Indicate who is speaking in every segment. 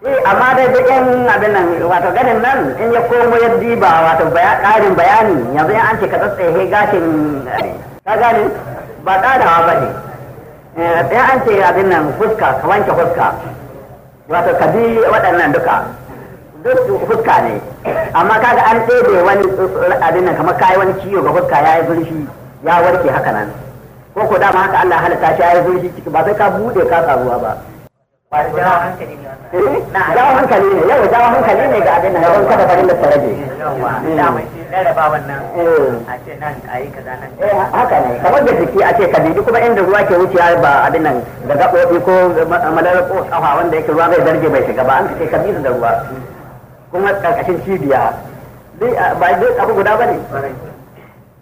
Speaker 1: Eh amma dai
Speaker 2: yan abin nan wato ganin nan in ya komo ya diba wato ƙarin bayani yanzu in an ce ka tsatsaye gashin ka gani ba ƙarawa ba ne. Ya eh, an ce abin nan fuska ka wanke fuska wato ka bi waɗannan duka duk fuska ne amma kaga an ɗebe wani abin nan kamar kayi wani ciwo ga fuska ya yi zurfi ya warke haka nan ko ko dama haka Allah halitta shi ya yi zurfi ba sai ka buɗe ka tsaruwa ba.
Speaker 3: jawo hankali ne yawa jawo hankali ne ga abin nan don kada farin da tarage haka ne kamar da jiki a
Speaker 2: ce ka bibi kuma inda ruwa ke wuciya ba abin nan da gaɓoɓi ko malalar ko tsawa wanda yake ruwa zai zarge bai shiga ba an ce ka bibi da ruwa kuma ƙarƙashin cibiya ba duk abu guda ba ne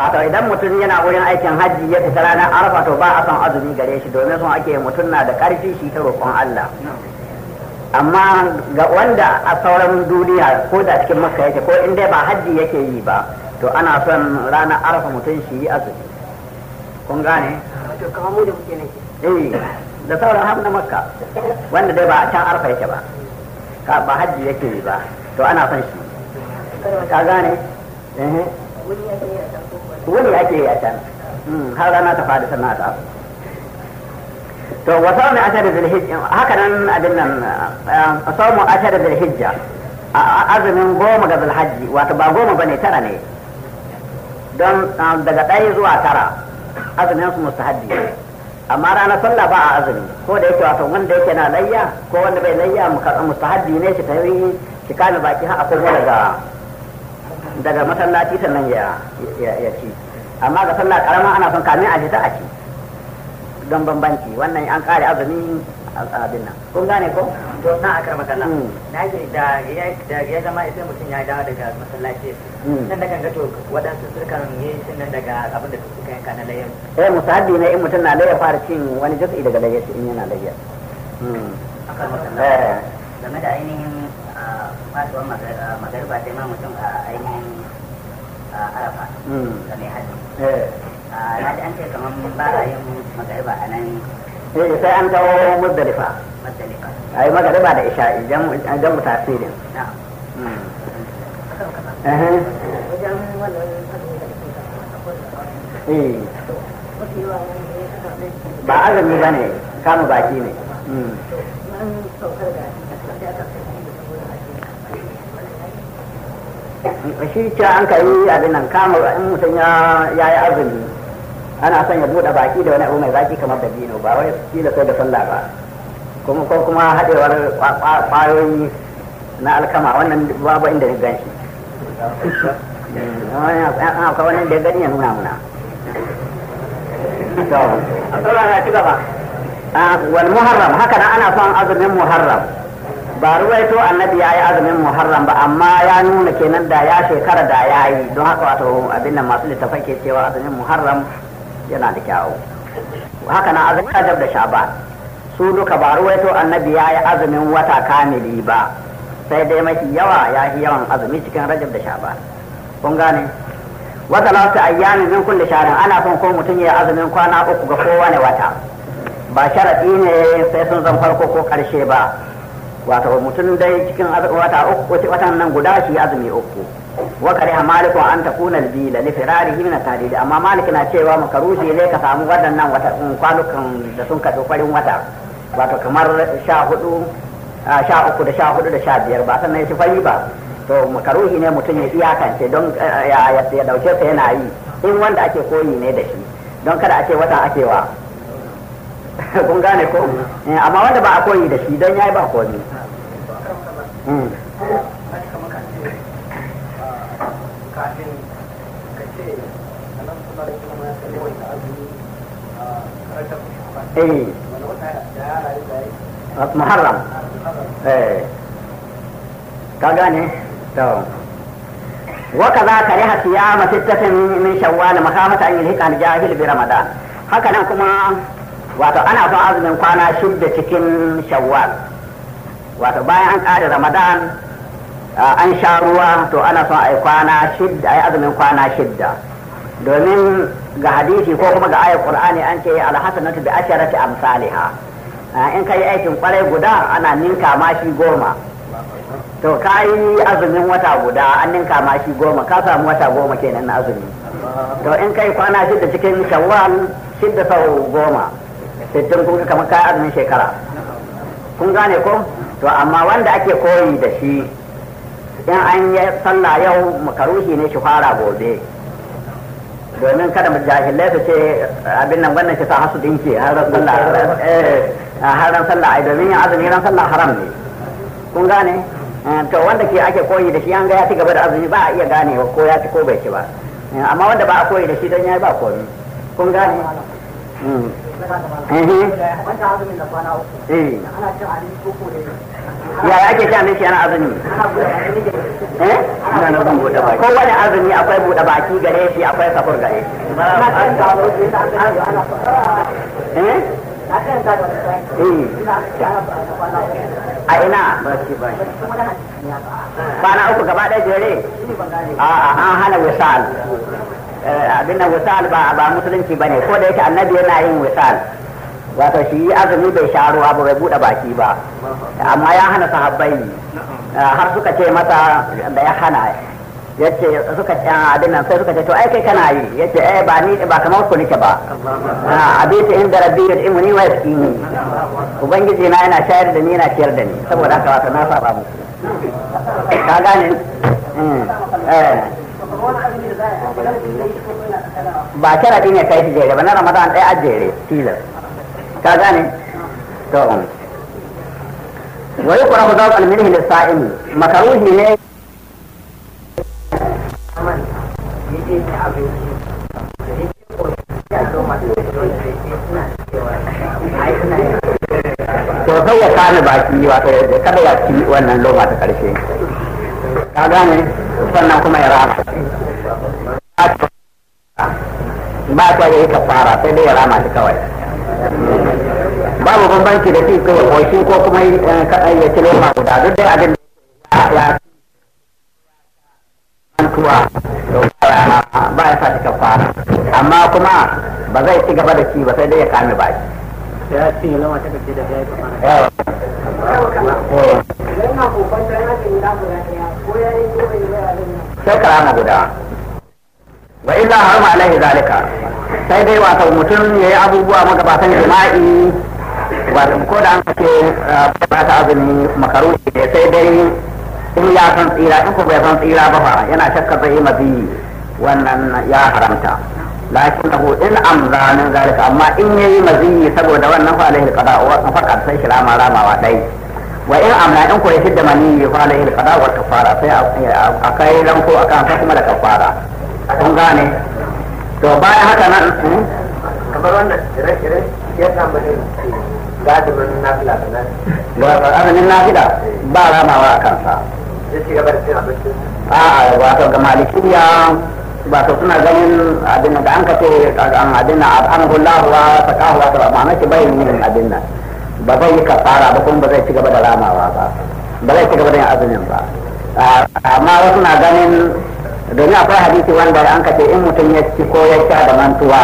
Speaker 2: wato idan mutum yana wurin aikin hajji ya fita ranar arfa to ba a son azumi gare shi domin sun ake mutum na da karfi shi ta roƙon Allah amma ga wanda a sauran duniya ko da cikin makka yake ko in dai ba hajji yake yi ba to ana son ranar arfa mutum shi yi azumi kun gane eh, da sauran har na makka wanda dai ba a can arfa yake ba ka ba hajji yake yi ba to ana son shi ka gane eh. wani ake yi a can hmm, har rana ta faɗi sannan ta to wa sawmu ashar da hijja haka nan abin nan sawmu ashar da a azumin goma ga zulhajji wato ba goma ba ne tara ne don daga ɗaya zuwa tara azumin su mustahabbi amma ranar sallah ba a azumi ko da yake wato wanda yake na layya ko wanda bai layya mustahabbi ne shi ta yi shi kame baki har a komo daga daga masallaci sannan ya ya ci amma ga sallah karama ana son kamin a ta a ci don bambanci wannan an kare azumi abin nan kun gane ko to na akar makalla hmm. na ji da ya da ya zama idan mutum ya dawo daga masallaci hmm. nan da kan gato wadansu sukan ne shin nan daga abin da suka yanka kana layyar eh musaddi ne in mutum na layyar fara cin wani jaz'i daga layyar in yana layyar hmm. akar makalla eh. game da ainihin fasuwar magariba sai ma mutum a ainihin arafa da mai hajji na da an ce kamar ba a yin magariba a nan eh sai an dawo muzdalifa muzdalifa a yi magariba da isha'i jan mu tasirin
Speaker 3: ba azumi ba ne
Speaker 2: kama baki ne hmm. shi ce an ka yi abin nan kama in mutum ya yi azumi ana son ya bude baki da wani abu mai zaki kamar da bino ba wai da sai da sallah ba kuma ko kuma haɗewar ƙwayoyi na alkama wannan babu inda ni gan shi akwai wani da gani ya nuna muna ah, wal muharram haka ana son azumin muharram ba to annabi ya yi azumin muharram ba amma ya nuna kenan da ya shekara da ya yi don haka wato abin nan masu littafai ke cewa azumin muharram yana da kyawu haka na azumin rajab da sha'ban su duka ba ruwaito annabi ya yi azumin wata kamili ba sai dai mafi yawa ya yi yawan azumi cikin rajab da sha'ban kun gane wata lafi ayyami min kulli sharin ana son ko mutum ya azumin kwana uku ga kowane wata ba sharadi ne sai sun zan farko ko karshe ba wato mutum dai cikin wata uku watan nan guda shi azumi uku wa kariha malikun an kuna bila li firarihi min tadid amma maliki na cewa makaruhi ne ka samu waɗannan wata mm, kwanukan da sun kaɗo farin wata wato kamar sha hudu sha uku da sha hudu da sha biyar ba sannan shi fari ba to makaruhi ne mutum ya iyakance don eh, ya dauke ta yana yi in wanda ake koyi ne da shi don kada ake ce wata akewa kun gane ko eh, amma wanda ba a koyi da shi don ya yi ba komi hmm.
Speaker 3: eh. ah, muharram
Speaker 2: eh. ka gane to waka za ka riha siya masu tafin min shawwal makamata an yi hikan jahil bi ramadan hakanan kuma wato ana son azumin kwana shidda cikin shawwal wato bayan an ƙare ramadan an sha ruwa to ana son a yi kwana shidda a yi azumin kwana shidda domin ga hadisi ko kuma ga ayat qur'ani an ce alhasanatu bi asharati Amsa'liha in kai aikin kwarai guda ana ninka ma shi goma to ka azumin wata guda an ninka ma shi goma ka samu wata goma kenan na azumi to in kai kwana shidda cikin shawwal shidda sau goma sittin kun kamar kayan azumin shekara kun gane ko to amma wanda ake koyi da shi in an yi sallah yau makaruhi ne shi fara gobe domin kada jahilai su ce abin nan wannan kisa hasu dinki har ran sallah eh, har ran sallah ai domin yin azumi ran sallah haram ne kun gane eh, to wanda ke ake koyi da shi an ga ya ci gaba da azumi ba a iya gane ko ya ci ko bai ci ba eh, amma wanda ba a koyi da shi don ya ba komi kun gane hmm.
Speaker 3: Mm-hmm. yaya ake ci abinci yana azumi
Speaker 2: eh? ko wani azumi akwai buɗe baki gare shi akwai safur gare eh? Eh. a ina uku gaba ɗaya jere a an hana wisal Eh, abin nan ba ba ba musulunci bane ko da yake annabi yana yin wisal wato shi azumi bai sha ruwa ba bai bude baki ba amma ya hana sahabbai eh, har suka ce masa da ya hana yace suka ce eh, abin nan sai suka ce to ai kai kana yi yace eh ba ni ba kamar ku nake ba abita inda rabbi yud'imuni wa yaskini ubangiji na yana shayar da ni yana ciyar da ni saboda haka wato na saba muku ka gane hmm. eh ba ɗin ya kai shi jere ba na ramadan ɗaya a jere tilar ka gane to um. wa yukrahu zawqan minhu lis-sa'imi makruhi ne to sai ya kana baki wato kada ya ci wannan loma ta karshe ka gane sannan kuma ya rafa ba ta yi kafara sai dai rama kawai babu bambanci da shi ko ko kuma eh, ya ci loma guda duk dai abin da ya ba ya amma kuma ba zai ci gaba da shi ba sai dai ya kame ba shi sai guda wa illa harma alaihi zalika sai dai wato mutum yayi abubuwa magabatan jima'i wato ko da an ce eh, ba ta azumi makaru ne sai dai in ya san tsira in ko bai san tsira ba fa yana shakka zai mazi wannan ya haramta lakin lahu in amza min zalika amma in yayi mazi saboda wannan fa alaihi alqada wa faqad sai shirama ramawa dai wa in amna in ko ya shidda mani fa alaihi alqada wa kafara sai akai ranko akan sa kuma da kafara kun gane to bayan haka nan hmm? kamar ire-ire ya
Speaker 3: gadimin nafila nan
Speaker 2: ba azumin nafila ba ramawa a kansa zai ci gaba da cin abincin wato ga malikiya suna ganin abin da an kace an abin na an gullahu wa ta wa ma'ana ki bai yin abin nan ba zai yi kafara ba kuma ba zai ci gaba da ramawa ba ba zai ci gaba da yin azumin ba amma wasu na ganin domin akwai hadisi wanda an kace in mutum ya ci ko ya sha da mantuwa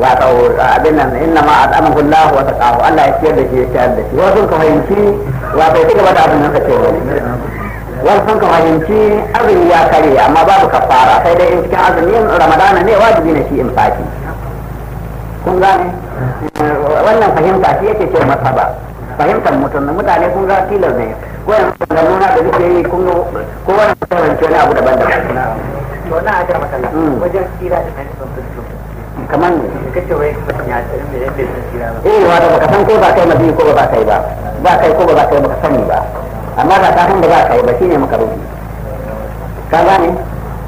Speaker 2: wato abin nan inna ma at'amahu Allah wa taqahu Allah ya ciyar da shi ya ciyar da shi wasu ka fahimci wato ya cigaba da abin nan kace wani wasu ka fahimci abin ya kare amma babu kafara sai dai in cikin azumin ramadana ne wajibi ne shi in faki kun gane wannan fahimta shi yake ce masaba fahimtar mutum da mutane kun ga tilas ne ko da da yi kun ko wani mutum wani abu daban daban to na makalla hmm. wajen tsira da kan kamar ne wai ya yadda tsira ba eh baka san ko ba kai mabi ko ba kai ba ba kai ko ba kai baka sani ba amma ka san da ba kai ba shine makaruhi ka gane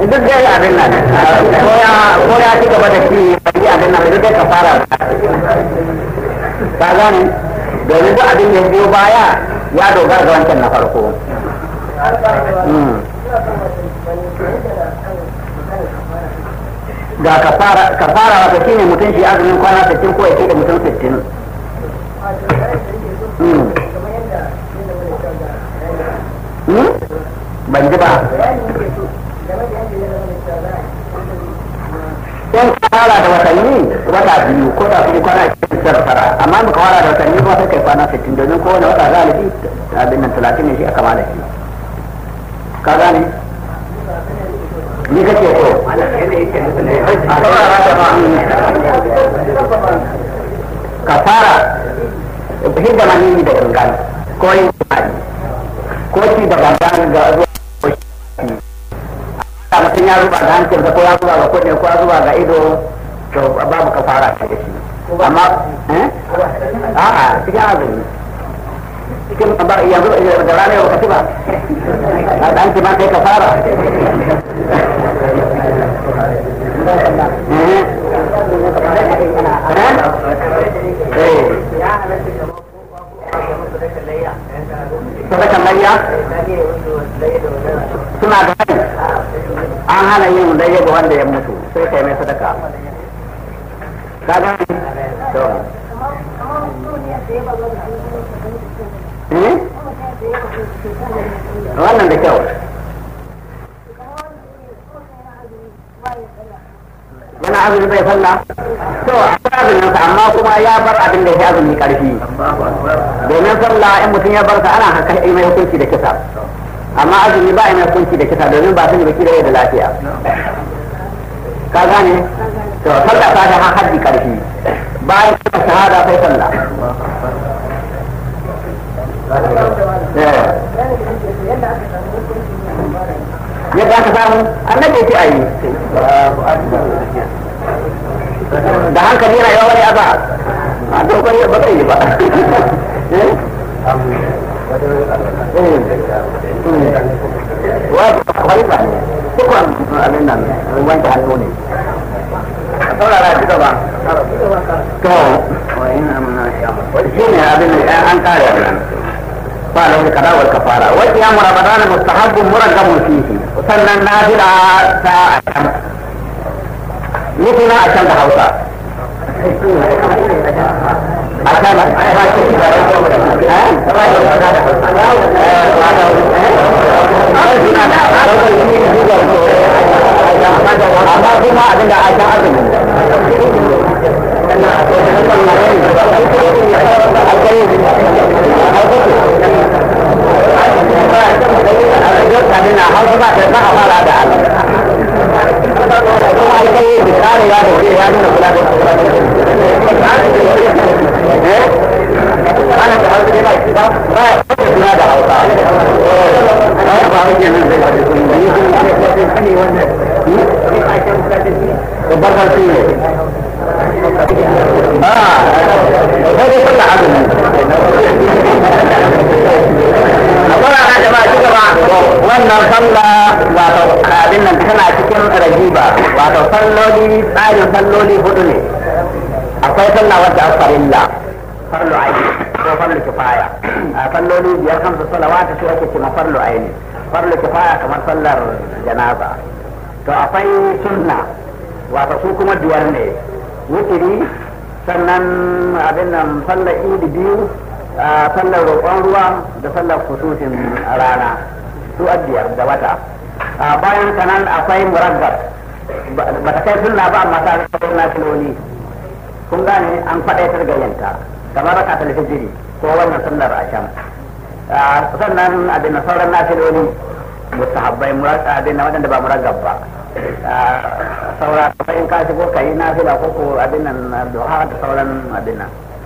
Speaker 1: duk dai abin nan ko
Speaker 3: ya ci gaba da
Speaker 2: shi bai abin nan duk dai ka fara ba gane domin duk abin da ya biyo baya ya dogara ga wancan na farko hmm. ga kafara kafara wata shine mutum shi azumin kwana 60 ko ya da mutum 60 hmm.
Speaker 1: hmm? ban ji ba
Speaker 2: Yan fara da watanni wata biyu ko da kuma kwana cikin amma muka da watanni sai kai kwana sittin domin kowane wata galibi abin nan talatin ne shi aka mala shi. Ka gane? Ni Ka fara hidda da gangan ko yin ko ci da ga zuwa da mutum ya zuba da hancinsa ko ya zuba ga kunne ko ya zuba ga ido to babu kafara ce da eh? shi amma cikin azumi cikin eh, da rana
Speaker 3: ma eh? Suna da
Speaker 2: an hana yin layya ga wanda ya mutu sai kai mai sadaka ka ga
Speaker 3: to eh? wannan da kyau
Speaker 2: yana azumi bai falla to
Speaker 1: akwai azumin sa amma kuma ya bar abin da ya azumi karfi
Speaker 2: domin falla in mutum ya bar sa ana hankali mai hukunci da kisa amma azumi ba ina kunci da kisa domin ba sani ba kira da lafiya ka gane to sallah ta ta haddi karfi bayan ta shahada sai sallah
Speaker 1: eh. yadda aka samu annabi ya ce ayi da hankali yana yawa ne a ba a dokon yabba ba yi ba eh? wajibi halifa
Speaker 2: ne a da an kare kafara wa qiyam mustahabbun murakkabun sannan nafila ta asham mutum na da hausa amma kuma abin da aisha azumi na hausa a fara da Allah kuma alƙayi da
Speaker 1: tsarewa da ke ya da ana da da da yi
Speaker 2: a da a wannan wato tana cikin tsarin salloli hudu ne akwai sallah wacce an farilla farlu aini ko farlo kifaya falloli biyar hamsu salawata su ake cewa farlu aini farlo kifaya kamar sallar janaza to akwai sunna wato su kuma biyar ne wukiri sannan abin nan sallar idi biyu sallar roƙon ruwa da sallar kususin rana su biyar da wata bayan kanan akwai murabba ba ta kai sunna ba amma ta kai sunna kun gane an ta ga yanka kamar raka ta lafijiri ko wannan sunnar a can ah, sannan abin na sauran nafiloli mustahabbai abin na waɗanda ba muragab ba ah, saura in ka shigo ka yi nafila ko ko abin nan duha da sauran abin nan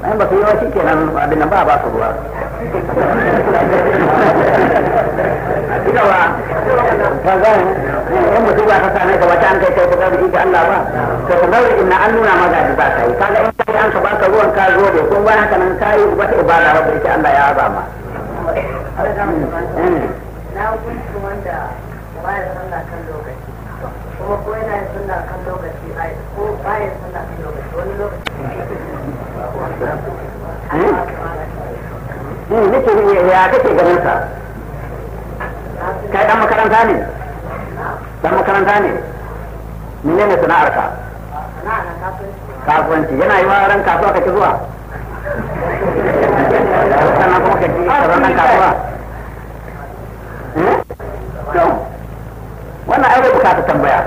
Speaker 2: ai ba su yi wasu kenan abin nan ba ba su ruwa ba ba za in mutum ba ka same ka wata an kai kai kuka biki ga Allah ba to ka zaure inna an nuna ma gaji ba ka yi kaga in kai an ka baka ruwan ka zo da kun ba haka nan kai wata ibada ba ita Allah ya ba ma
Speaker 3: na hukunci wanda ba ya sallah kan lokaci kuma ko yana sallah kan lokaci ba ya sallah kan lokaci wani lokaci nake
Speaker 2: ya kake ganin sa
Speaker 3: kai dan makaranta ne
Speaker 2: dan makaranta ne menene sana'ar ka
Speaker 3: kasuwanci yana yi wa ran kasuwa kake zuwa sannan kuma kake ran nan kasuwa
Speaker 2: wannan ai bai bukata tambaya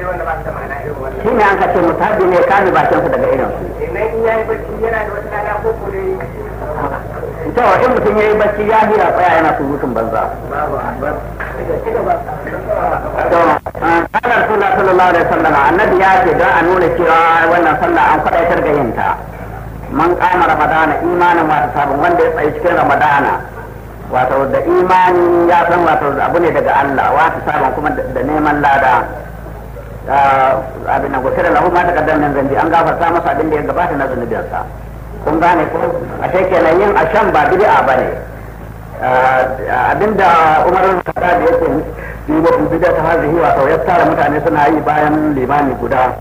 Speaker 3: shi ne an ka ce mutabi ne kame bakinsa daga irin su to in mutum yayi yi bacci ya hira tsaya yana
Speaker 2: mutum banza kana suna sallallahu alaihi wasallam annabi ya ce don a nuna cewa wannan sallah an faɗaitar ga yinta man kama ramadana imanin wata sabon wanda ya tsaye cikin ramadana wato da imani ya san wato abu ne daga Allah wata sabon kuma da neman lada Ah, abin nan da lahu ma takaddam nan zambi an gafarta masa abin da ya gabata na zunubiyarsa kun gane ko ashe kenan yin ashan ba bid'a bane ah, abinda Umar al Khattab yake yi wa bid'a ta hazihi wa sau ya tara mutane suna yi bayan limani guda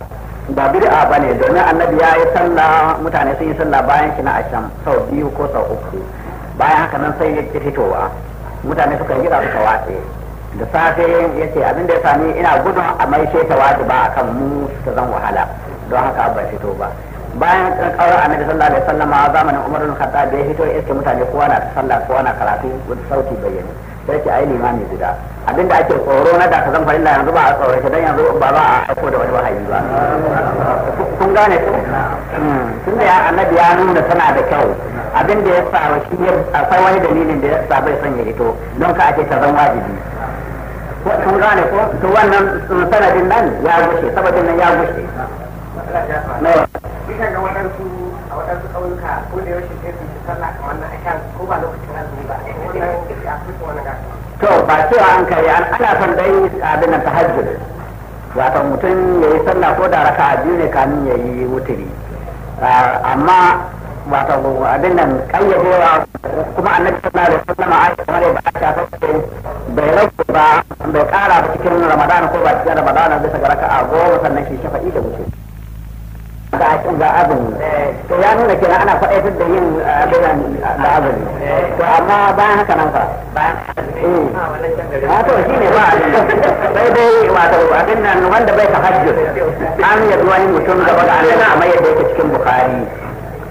Speaker 2: ba bid'a bane domin annabi ya yi sallah mutane sun yi sallah bayan shi na shan sau biyu ko sau uku bayan haka nan sai ya ke fitowa mutane suka yi suka watse da safe ya ce abin da ya sami ina gudun a mai ta wajiba a kan mu ta zan wahala don haka ban fito ba bayan ƙaurar annabi sallallahu alaihi wasallam a zamanin umar bin khattab ya fito iske mutane kowa na ta sallah kowa na karatu wani sauti bayyane sai ce ayi limami guda abin da ake tsoro na da ka zan farilla yanzu ba a tsoro shi dan yanzu ba za a aiko da wani wahayi ba kun gane ko hmm. tun da annabi ya nuna tana da kyau abin da ya sa shi akwai wani dalilin da ya sa bai son ya hito don ka ake ta zan wajibi kun gane ko to wannan uh, sanadin nan ya gushe saboda nan ya gushe
Speaker 3: bisa ga waɗansu a waɗansu ƙauyuka ko da yaushe sai su ci sallah kamar na akan ko ba lokacin azumi ba wannan ya fi wannan gasa to
Speaker 2: ba cewa an kai an ana son dai abin nan tahajjud wato mutum ya yi sallah ko da raka'a biyu ne kamin ya yi wuturi ah, amma wato abin nan kayyadewa kuma annabi sallallahu alaihi wasallam a kamar yadda aka faɗa bai rage ba bai ƙara ba cikin ramadana ko ba cikin ramadana bisa ga raka'a goma sannan shi shafa'i da wuce ga akin ga azumi to ya nuna kenan ana faɗaitar da yin abin nan da azumi to amma bayan haka nan fa bayan wato shi ne ba sai dai wato abin nan wanda bai tahajjud an yadda wani mutum gaba da Allah amma yadda yake cikin bukhari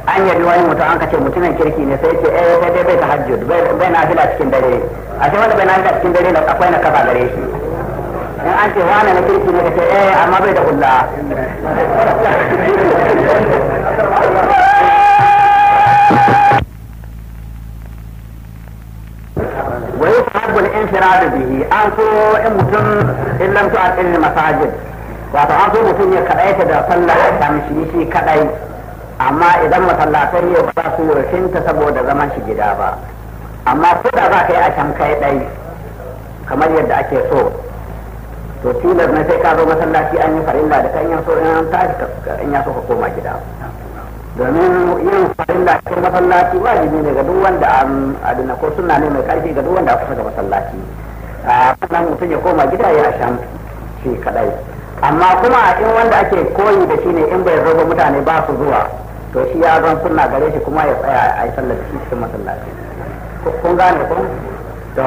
Speaker 2: an yabi wani mutum an kace mutumin kirki ne sai ce eh sai dai bai tahajjud bai na fila cikin dare a ce wanda bai na fila cikin dare na akwai na kafa gare shi in an ce wani na kirki ne kace eh amma bai da kulla wa yusabbul infirad bihi an so in mutum in lam tu'at ilmi masajid wato an so mutum ya kadaita da sallah da shi shi kadai amma idan masallatai yau ba su ta saboda zaman shi gida ba amma ko da za ka yi a can kai ɗai kamar yadda ake so to tilas na sai ka zo masallaci an yi farilla da kan yin so in an tashi in ya so ka koma gida domin yin farilla cikin masallaci wajibi ne ga duk wanda an adina ko suna ne mai karfi ga duk wanda aka saka masallaci a sannan mutum ya koma gida ya shan shi kadai amma kuma a in wanda ake koyi da shi ne in bai zo mutane ba su zuwa to shi ya zan sunna gare shi kuma ya tsaya a yi sallar shi cikin masallaci kun gane kun to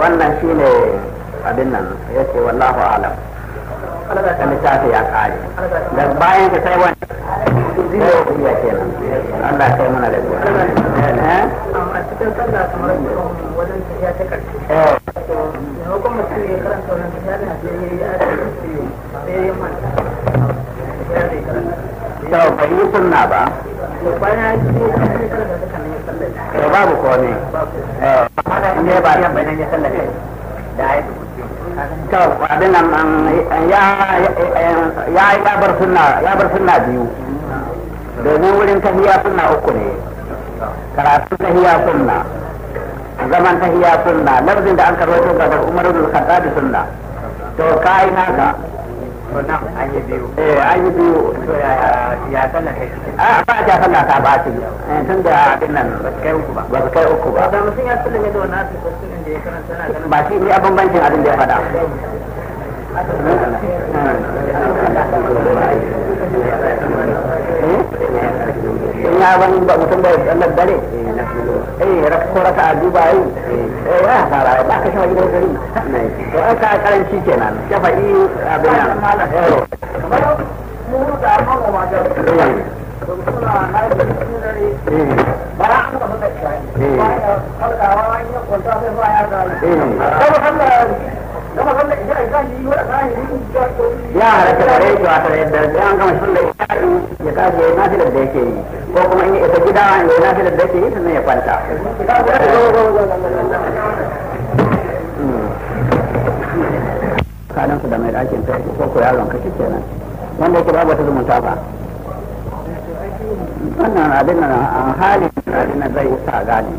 Speaker 2: wannan shi ne abin nan ya ce wallahu alam da littafi ya kare da bayan ka sai wani zai ya kai mana da ruwa
Speaker 3: eh, eh.
Speaker 2: yau ba yi sunna ba to babu komai eh, ne ba ya bayan ya sallaka da ya to abin nan ya ya ya bar sunna ya bar sunna biyu domin wurin tahiya sunna uku ne karatu tahiya sunna zaman tahiya sunna lafzin da an karwato ga Umar ibn Khattab sunna to kai naka an yi biyu eh an yi biyu ya kai a ah, ba ta ba ta eh, tun da abin nan ba kai uku ba ba kai uku ba da mutum ya da
Speaker 3: wannan asibitin da ya karanta na ba shi ne abin abin da ya
Speaker 2: fada in ya wani ba mutum bai tsallar dare eh raka ko raka a duba yi eh, eh ya fara ba ka shafa gidan gari to an ka karanci kenan shafa yi abin nan eh. kamar
Speaker 3: mu da amma ma da eh. suna na da dare bara an ka fita shi ba ya farkawa an yi kwanta sai ba ya da ya halatta shi wata yadda sai an gama da ya kaje na fi
Speaker 2: da yake yi ko kuma in ya isa gida na fi da yake yi sannan ya kwanta su da mai ta ko ko yaron ka wanda yake babu wata zumunta ba wannan abin nan halin zai sa gani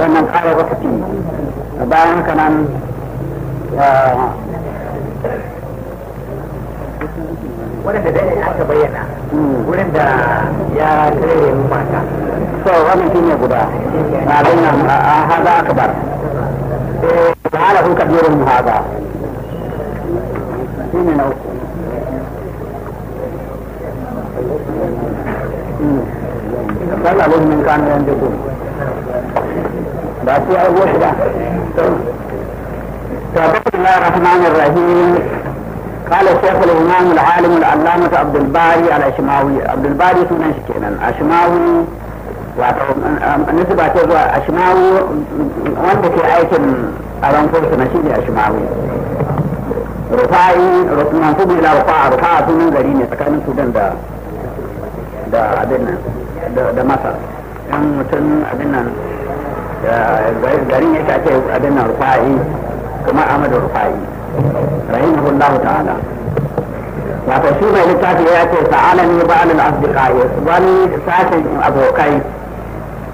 Speaker 2: wannan kare wakati bayan haka nan wadanda da aka bayyana hmm. wurin da ya kare mu mata so wannan shi ne guda Na zai a haza aka bar da eh, ala kun kabirin mu haza
Speaker 1: shi ne na uku hmm. sallallahu min kan yan فاتحة وحدة
Speaker 2: فبسم الله الرحمن الرحيم قال الشيخ الإمام العالم العلامة عبد الباري الأشماوي عبد الباري سنة شكينا أشماوي نسبة تزوى أشماوي وانت في عيشن أرام فرصة نشيد أشماوي رفاعي mansubu ila rufa'a rufa'a sunan gari ne tsakanin sudan da da abin nan da masar yan mutum abin nan garin yake ake abin nan rufa'i kamar Ahmadu rufa'i rahimahullahu ta'ala wato shi mai littafi ya ce ta'ala ne ba alal wani sashen abokai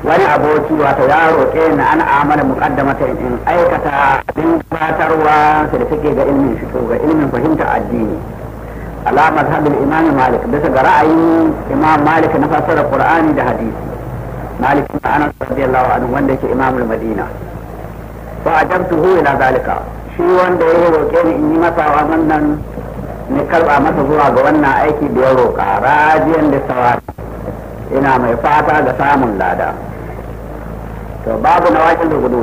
Speaker 2: wani aboki wata ya roƙe na an amana ta in aikata din batarwa da suke ga ilmin fito ga ilmin fahimta addini alamar mazhabin imam malik bisa ga ra'ayin imam malik na fassara qur'ani da hadisi malik ibn anas radiyallahu anhu wanda yake imamul madina fa ajabtuhu ila zalika shi wanda ya roke ni in yi masa wannan ni karba masa zuwa ga wannan aiki da ya roka rajiyan da sawari ina mai fata ga samun lada to babu na wakin da gudu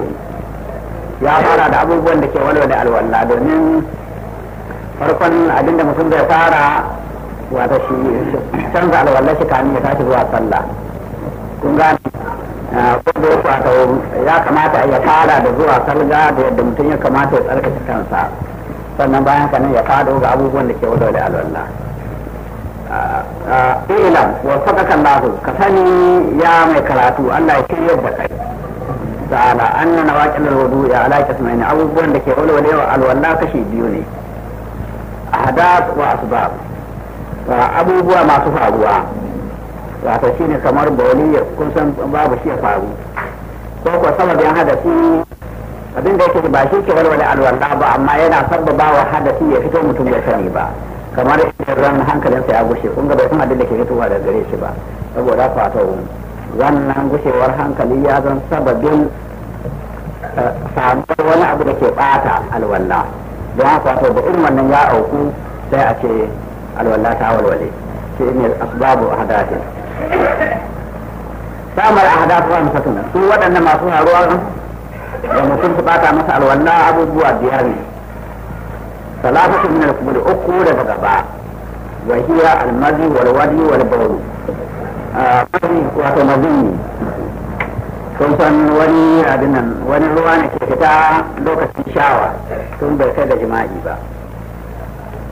Speaker 2: ya fara da abubuwan da ke walwa da alwala domin farkon abinda mutum zai fara wata shi canza alwala shi kamin ya tashi zuwa sallah kun gane ah, ko da yake wato ya kamata ya fara da zuwa salga da yadda mutum ya kamata ya tsarkake kansa sannan bayan kanan ya fado ga abubuwan da ke wadole alwala ah, ah, ilam wa sadaka Allah ka sani ya mai karatu Allah ya shirya da kai ta'ala anna nawaqil alwudu ya ala kasmain abubuwan da ke wadole alwala kashi biyu ne ahdath wa asbab abubuwa masu faruwa wato shi ne kamar boli kun san babu shi ya faru ko ko sababin hadasi abin da yake ba shi ke walwala alwala ba amma yana sabbaba wa hadasi ya fito mutum ya sani ba kamar idan ran hankalinsa ya gushe kun ga bai san abin da ke fitowa daga gare shi ba saboda fato wannan gushewar hankali ya zan sababin eh, samuwar wani abu da ke bata alwala don haka wato da irin wannan ya auku sai a ce alwala ta walwale shi ne asbabu hadasin samar a hada tuwa musakin su waɗanda masu haruwa da mutum su bata masa alwanna abubuwa biyar ne salafatu min al da uku daga gaba wa hiya al-madi wal wadi wal bawl ah, wato mazini sun san wani abin nan wani ruwa ne ke fita lokacin shawa tun bai kai da jima'i ba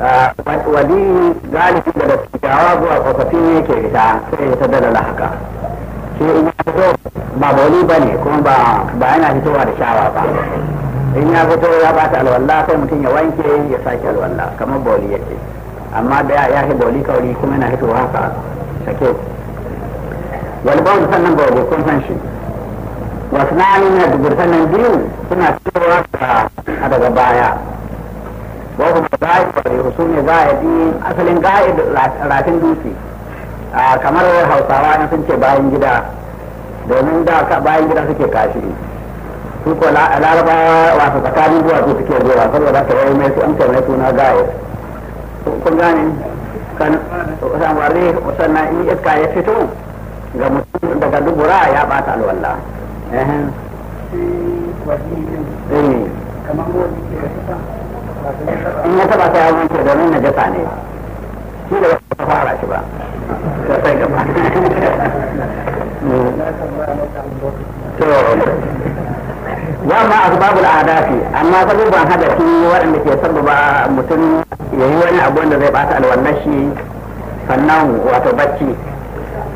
Speaker 2: Ah, wali da daga dattawa zuwa tsofaffi ne ke fita sai ya tabbata da haka shi in ya fito ba boli ba ne kuma ba yana fitowa da shawa ba in ya fito ya bata alwala sai mutum ya wanke ya sake alwala kamar boli yake amma da ya yi bauli kauri kuma yana fitowa haka sake wani sannan ba wabo kun san shi wasu na nuna dubur sannan biyu suna fitowa daga baya wa kuma ga'id kwarewa su ne ga'idi asalin ga'id rafin dutse kamar hausawa na sun ce bayan gida domin da bayan gida suke kashi su ko larabawa wasu tsakanin zuwa su suke zuwa da ta yi mai su an kai suna ga'id kun gane kan samari sannan in iska ya fito ga mutum daga dubura ya bata alwala eh. kamar in ya taba sai abin ke domin na jasa ne shi da ba fara shi ba sai gaba to wamma asbabul ahdafi amma sababban shi waɗanda ke ba mutum ya yi wani abu wanda zai bata alwannan shi sannan wato bacci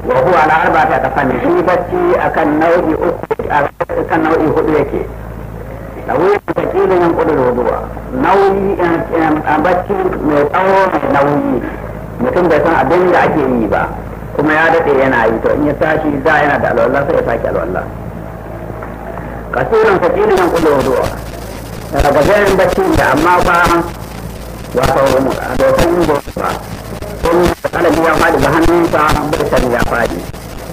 Speaker 2: wa huwa ala ta ta fanni shi bacci akan nau'i uku akan nau'i hudu yake nauyi da kilin yin kudu da wuduwa nauyi eh, eh, a bacci mai tsawo mai nauyi mutum bai san abin da ake yi ba kuma ya daɗe yana yi to in ya tashi za yana da alwallah sai ya sake alwallah kasirin fa kilin yin kudu da wuduwa daga gajeren bacci da amma ba wato dokan yin gobe ba da alabi ya faɗi ba hannunsa bai sani ya faɗi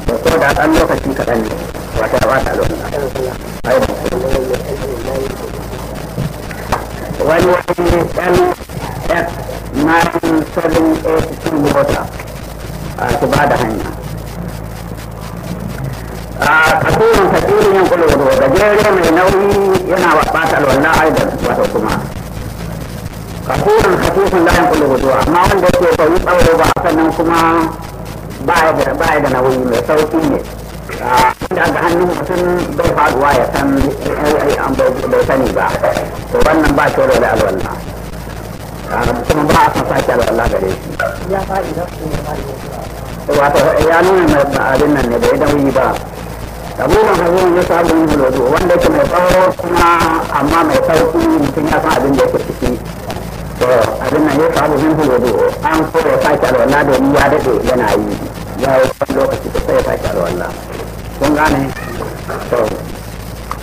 Speaker 2: da ko da ɗan lokaci kaɗan ne wata ba ta alwallah wani wani dan f 9782 mota a su ba da hanya a kasurin kasirin yin da jere mai nauyi yana bata alwala aidan wato kuma kasurin kasirin layan kulwado amma wanda yake bai tsawo ba sannan kuma ba ya da nauyi mai sauki ne da ga hannun bai faruwa ya san bai sani ba to wannan ba shi da alwala kuma ba a san sake alwala gare
Speaker 3: shi
Speaker 2: wato ya nuna abin nan ne bai dawi ba abubuwan ya samu yin hulodo wanda yake mai tsawo kuma amma mai sauki mutum ya san abin da yake ciki to abin nan ya samu yin hulodo an ya sake alwala domin ya daɗe yana yi ya yi lokaci da sai ya sake alwala kun gane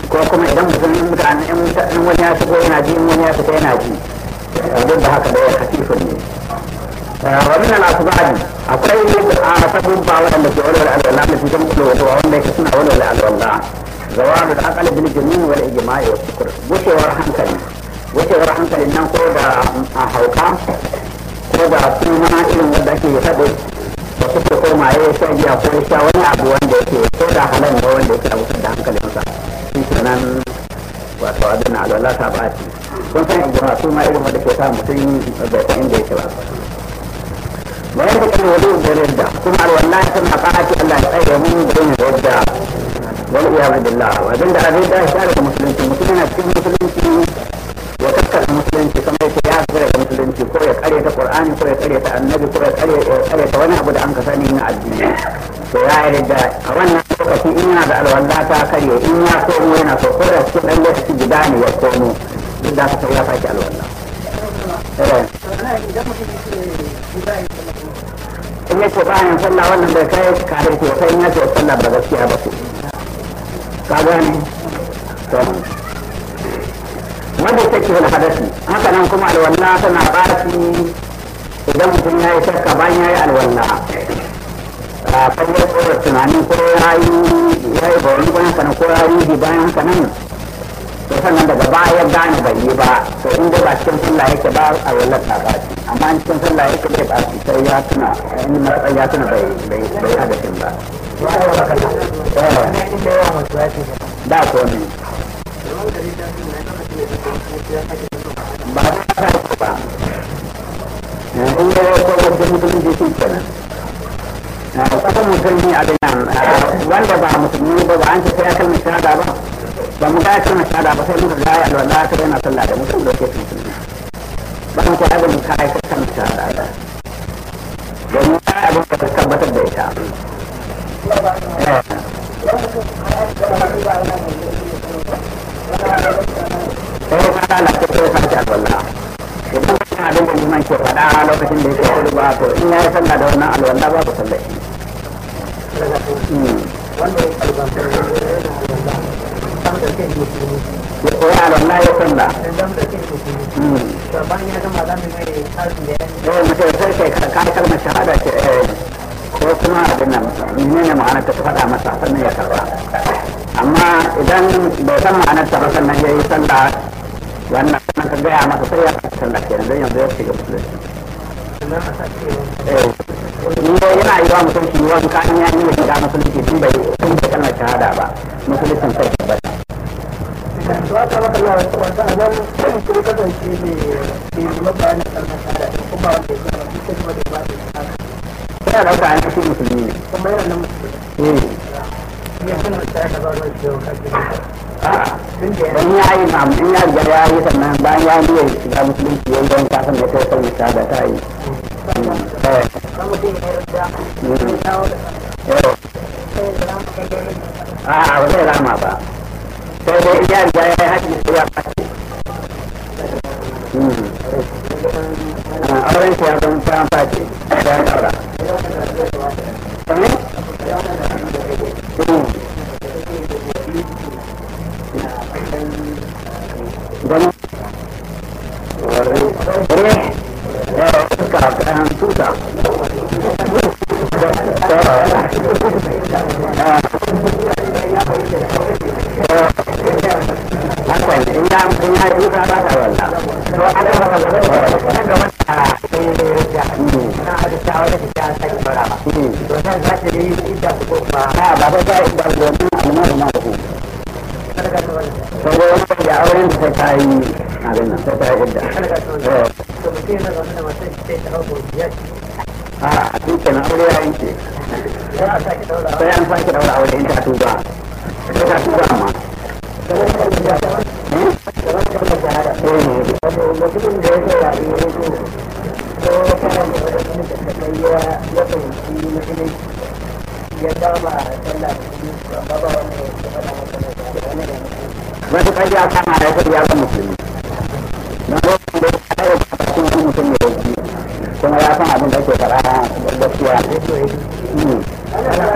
Speaker 2: ko kuma idan mutum mutane in wani ya shigo yana ji in wani ya fita yana ji duk da haka da ya kasifu ne eh, wannan al'asubani akwai a sabon ba waɗanda ke walwala alwala da cikin wanda yake suna walwala alwala da wa hankali hankalin nan ko da hauka ko da kuma irin wanda ake yi da suka koma ya yi shan giya ko ya sha wani abu wanda yake ko da halal ba wanda yake abu da hankalinsa shi ke nan wato abin alwala ta baci kun san ijma su ma irin wanda ke sa mutum da ta inda yake ba ba yadda kan wudu da ridda kuma alwala ta tana baci Allah ya tsare mu da yin ridda wal iyad billah wa din da ridda ya share musulunci mutum yana cikin musulunci wa kakkar musulunci kamar ko ya musulunci ko ya kare ta qur'ani ko ya kare ta annabi ko ya kare ta wani abu da an ka sani na addini to ya yarda a wannan lokacin in yana da alwala ta karye in ya komo yana so ko da su dan lokaci guda ne ya komo duk da ta ya sake alwala eh. in ya ce bayan sallah wannan bai kai kare ko sai in ya ce sallah ba gaskiya ba ko ka gani to wadda take wani hadasi haka nan kuma alwala tana baki idan mutum ya yi shakka bayan ya yi alwala a ah, kawai tsoron tunanin ko ya yi ya yi ba wani bayan kana ko ya yi bayan haka nan to sannan daga baya gane bai yi ba to in ba cikin sallah yake ba alwala ta baki amma in cikin sallah yake bai baki sai ya tuna in matsayi ya tuna bai bai bai hadasin
Speaker 1: ba. Eh, da ba ba in ya yi kogar da mutum da
Speaker 2: a ba ba ba an ce sai akal mai shahada ba ba mu da ba mu kan da Thank you. lalace ko ya sake alwala idan kana abin da liman ke faɗa lokacin da yake kudu ba to in ya sallah da wannan alwala ba ku sallah ya alwala ya sallah sai kai kalmar shahada ko kuma abin nan ma'anar ta faɗa masa sannan ya karba amma idan bai san ma'anar ta ba sannan ya yi sallah wannan ka gaya masa sai ya kasa sallah kenan don yanzu ya ga musulunci eh, ni yana yi wa mutum shi wanka in ya yi da shiga musulunci tun bai tun bai kalmar shahada ba musuluncin sai ba to aka maka na wasu wata a nan sai mutum kasance ne ne zama bayanin kalmar shahada kuma wanda ya zama kuma ba da ba da shahada yana dauka an cikin musulmi ne kuma yana nan musulmi ne eh. ya sanar da ya ka ba wani ciwo kan don ya yi ma in ya riga ya yi sannan bayan ya yi shiga musulunci ya yi kasan da ta ta da ta yi eh. eh. a ba zai rama ba sai dai ya riga ya yi haƙi da ya hmm. auren shi ya zama
Speaker 1: ta fashi ta yi
Speaker 2: mun har yi ba ta walla to an ga maka ko to a an sake daura ta ne saboda mutumin da na abin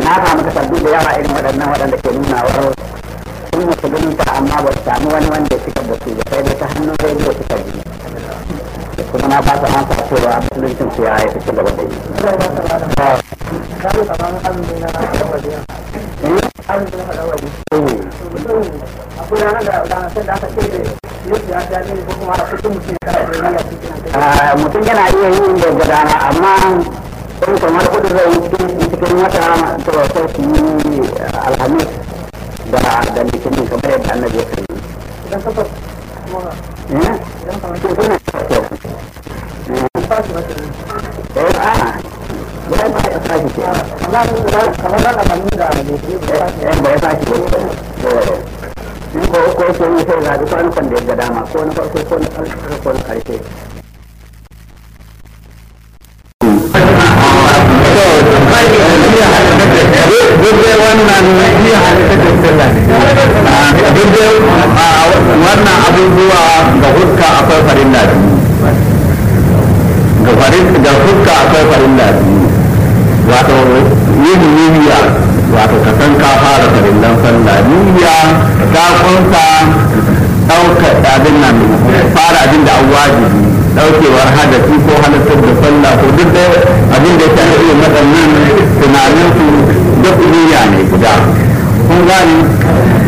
Speaker 2: Na da yawa irin waɗannan waɗanda ke nuna wa sun musulunta amma ba samu wani wanda suka basu ba sai ta hannun rediyo suka ji kuma na ba an sa cewa musuluncin su ya yi su da yi. Eh, mutum yana iya yin da gudana amma in kamar kudu zai yi cikin wata to sai su yi alhamis da da litinin kamar yadda annabi ya kai idan ka ba kuma eh idan ka ba kuma eh a gudan ba ya fashi ke amma kamar da ba mun da ne eh ba ya fashi ko ko ko ko sai ga kan da dama ko na farko ko na karshe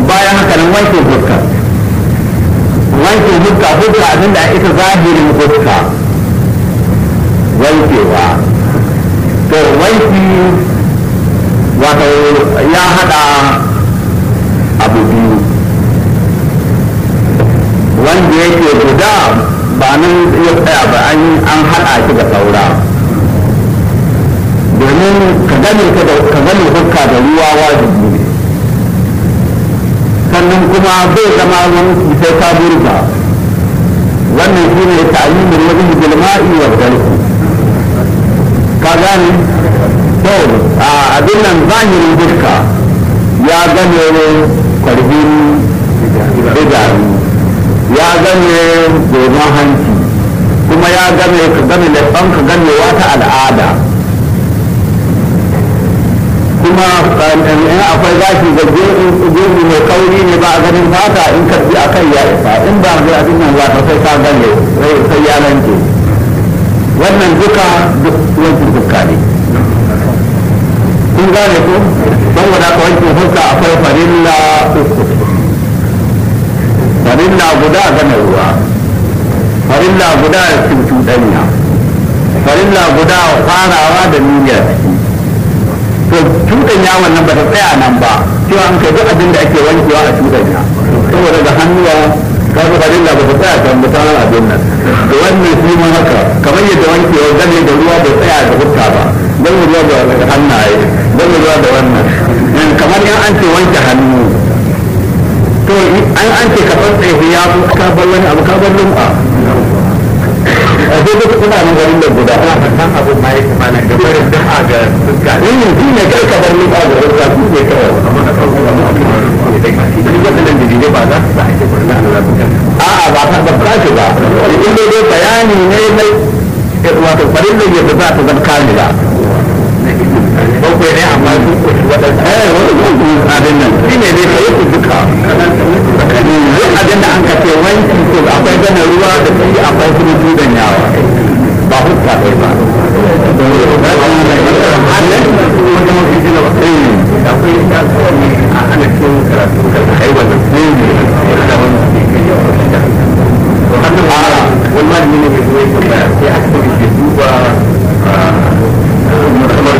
Speaker 1: bayan haka nan wanke fuska wanke fuska fuska abin da ita zahirin fuska wankewa to wanki wato ya hada abu biyu wanda yake guda ba nan ya tsaya ba an hada shi da saura domin ka gane ka gane hukka da ruwa wajibi ne sannan kuma bai zama wani sai ka burga wannan shi ne ta'limin wajen jilma'i wa dalku ka gane to a abin nan zahirin duka ya gane kwarbin idanu ya gane dogon hanci kuma ya gane ka gane da ka gane wata al'ada kuma in akwai gashi da jirgi mai kauri ne ba a ganin fata in ka fi a kai ya isa in ba a abin nan zaka sai ka gane sai ya lanke wannan duka wankin duka ne kun gane ko don wada ka wankin fuska akwai farilla uku farilla guda gane ruwa farilla guda cucuɗanya farilla guda farawa da niyyar ciki to cutan ya wannan ba ta tsaya nan ba cewa an kai duk abin da ake wankewa a cutan ya saboda da hannuwa ka zo ba dinga ba ta tsaya kan mutanen abin nan da wannan shi ma haka kamar yadda wankewa zane da ruwa ba tsaya da hutta ba zan ruwa da hannaye zan ruwa da wannan kamar yan an ce wanke hannu to an an ce ka tsaya ya ka ballan abu ka ballan ba. a suna nan garin da guda da a ga fuska shi ne kai ka bar ni a ga fuska shi ne kawai amma na farko da mutum da kai ni ga nan da ba za ba ake da ba ba ba dai bayani ne wato farin da ya ta bakwai ne amma sun kunshi waɗansu eh wani abin nan shi ne dai kai ku duka duk abin da an ka ce wanki to akwai gana ruwa da shi akwai kuma da yawa ba hukka ɗai ba wani malami ne bai zo ya tambaya sai a cikin duba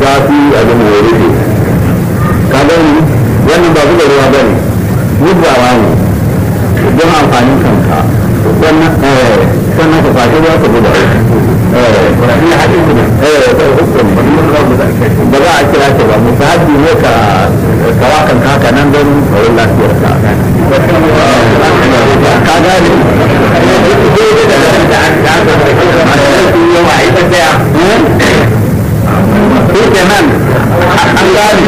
Speaker 1: zafi a da mai rufe ka gani wannan ba zuba ruwa ba ne gudawa ne don amfanin kanka wannan sannan ka fashe ka ba za a kira ce ba musa haɗi ne ka kawa nan don tsaron lafiyarka ka ko kenan an gane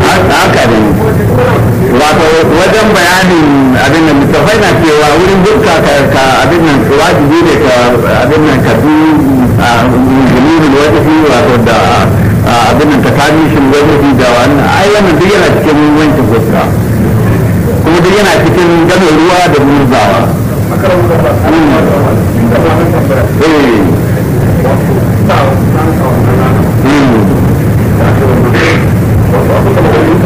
Speaker 1: Haka ne. wato wajen bayanin abin nan misafai na cewa wurin duka ka abin nan wajibi ne ka abin nan ka fi jami'in wajibi wato da abin nan ka kami shi wajibi da wani ayyana wannan duk yana cikin wancan fuska kuma duk yana cikin gano ruwa da murzawa Thank hmm. hmm.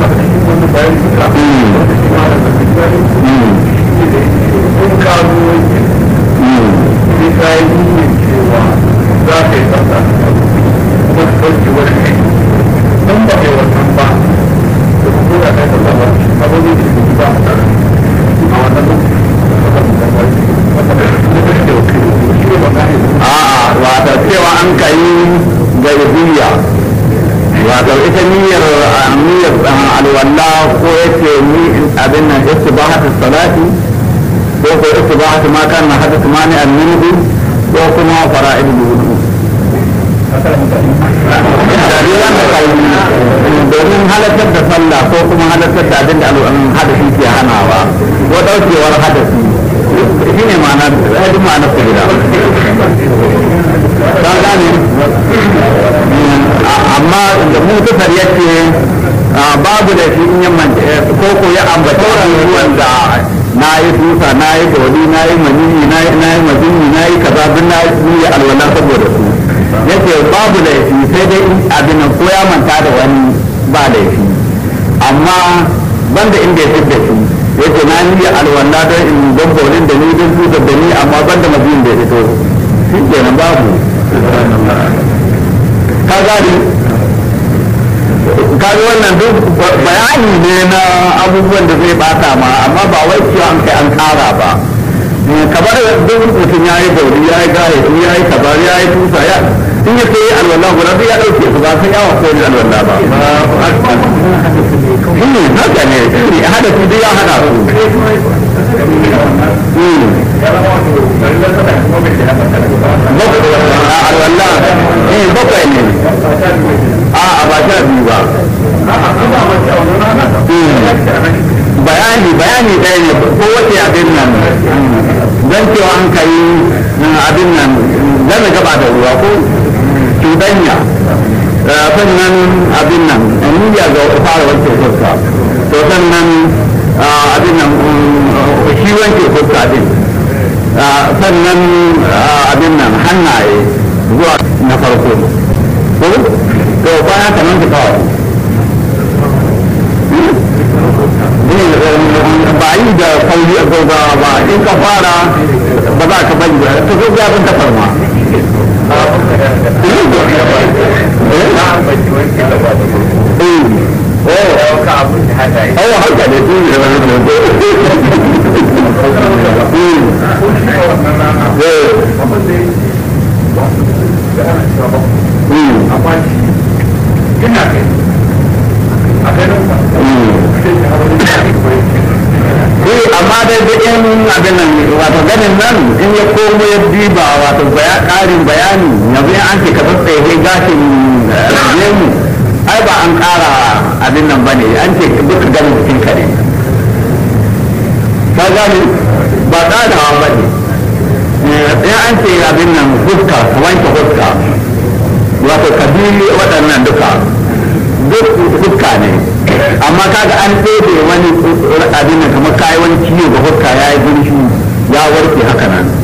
Speaker 1: gani kaji wannan duk bayani ne na abubuwan da zai bata ma amma ba wai cewa an kai an kara ba eh, kamar duk mutum ya yi gauri ya yi gaya ya yi kabar ya yi tusa ya in ya sai alwallah guda sai ya dauke su ba sai yawa ko ne alwallah ba shi ne haka hada su duk ya hada su hmm. bakwai ne a a ba sha biyu ba bayani bayani ɗaya ne ko wace abin nan don cewa an kai abin nan zana gaba da ruwa ko cutanya sannan abin nan niyya ga fara wanke fuska to sannan abin nan shi wanke fuska din Ah, sannan ah, abin nan hannaye zuwa na farko ko to kwana kamar ta kawo ba da a ba in ka fara ba za ka bayi ta zo gyaran ta farma eh? Eh? Oh, oh. ƙarin bayani yanzu ya an ce ka tsaye gashin rajemu eh, ai ba an ƙara abin nan ba ne an ce duka gani cikin ka ne ka gani ba ƙarawa ba ne ya eh, an ce abin nan fuska wanke fuska wato kabili waɗannan duka duk fuska ne amma kaga an ɗebe wani abin nan kamar kayi wani ciwo ga fuska ya yi gurshi ya warke haka nan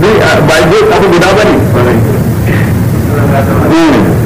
Speaker 1: by this, I would be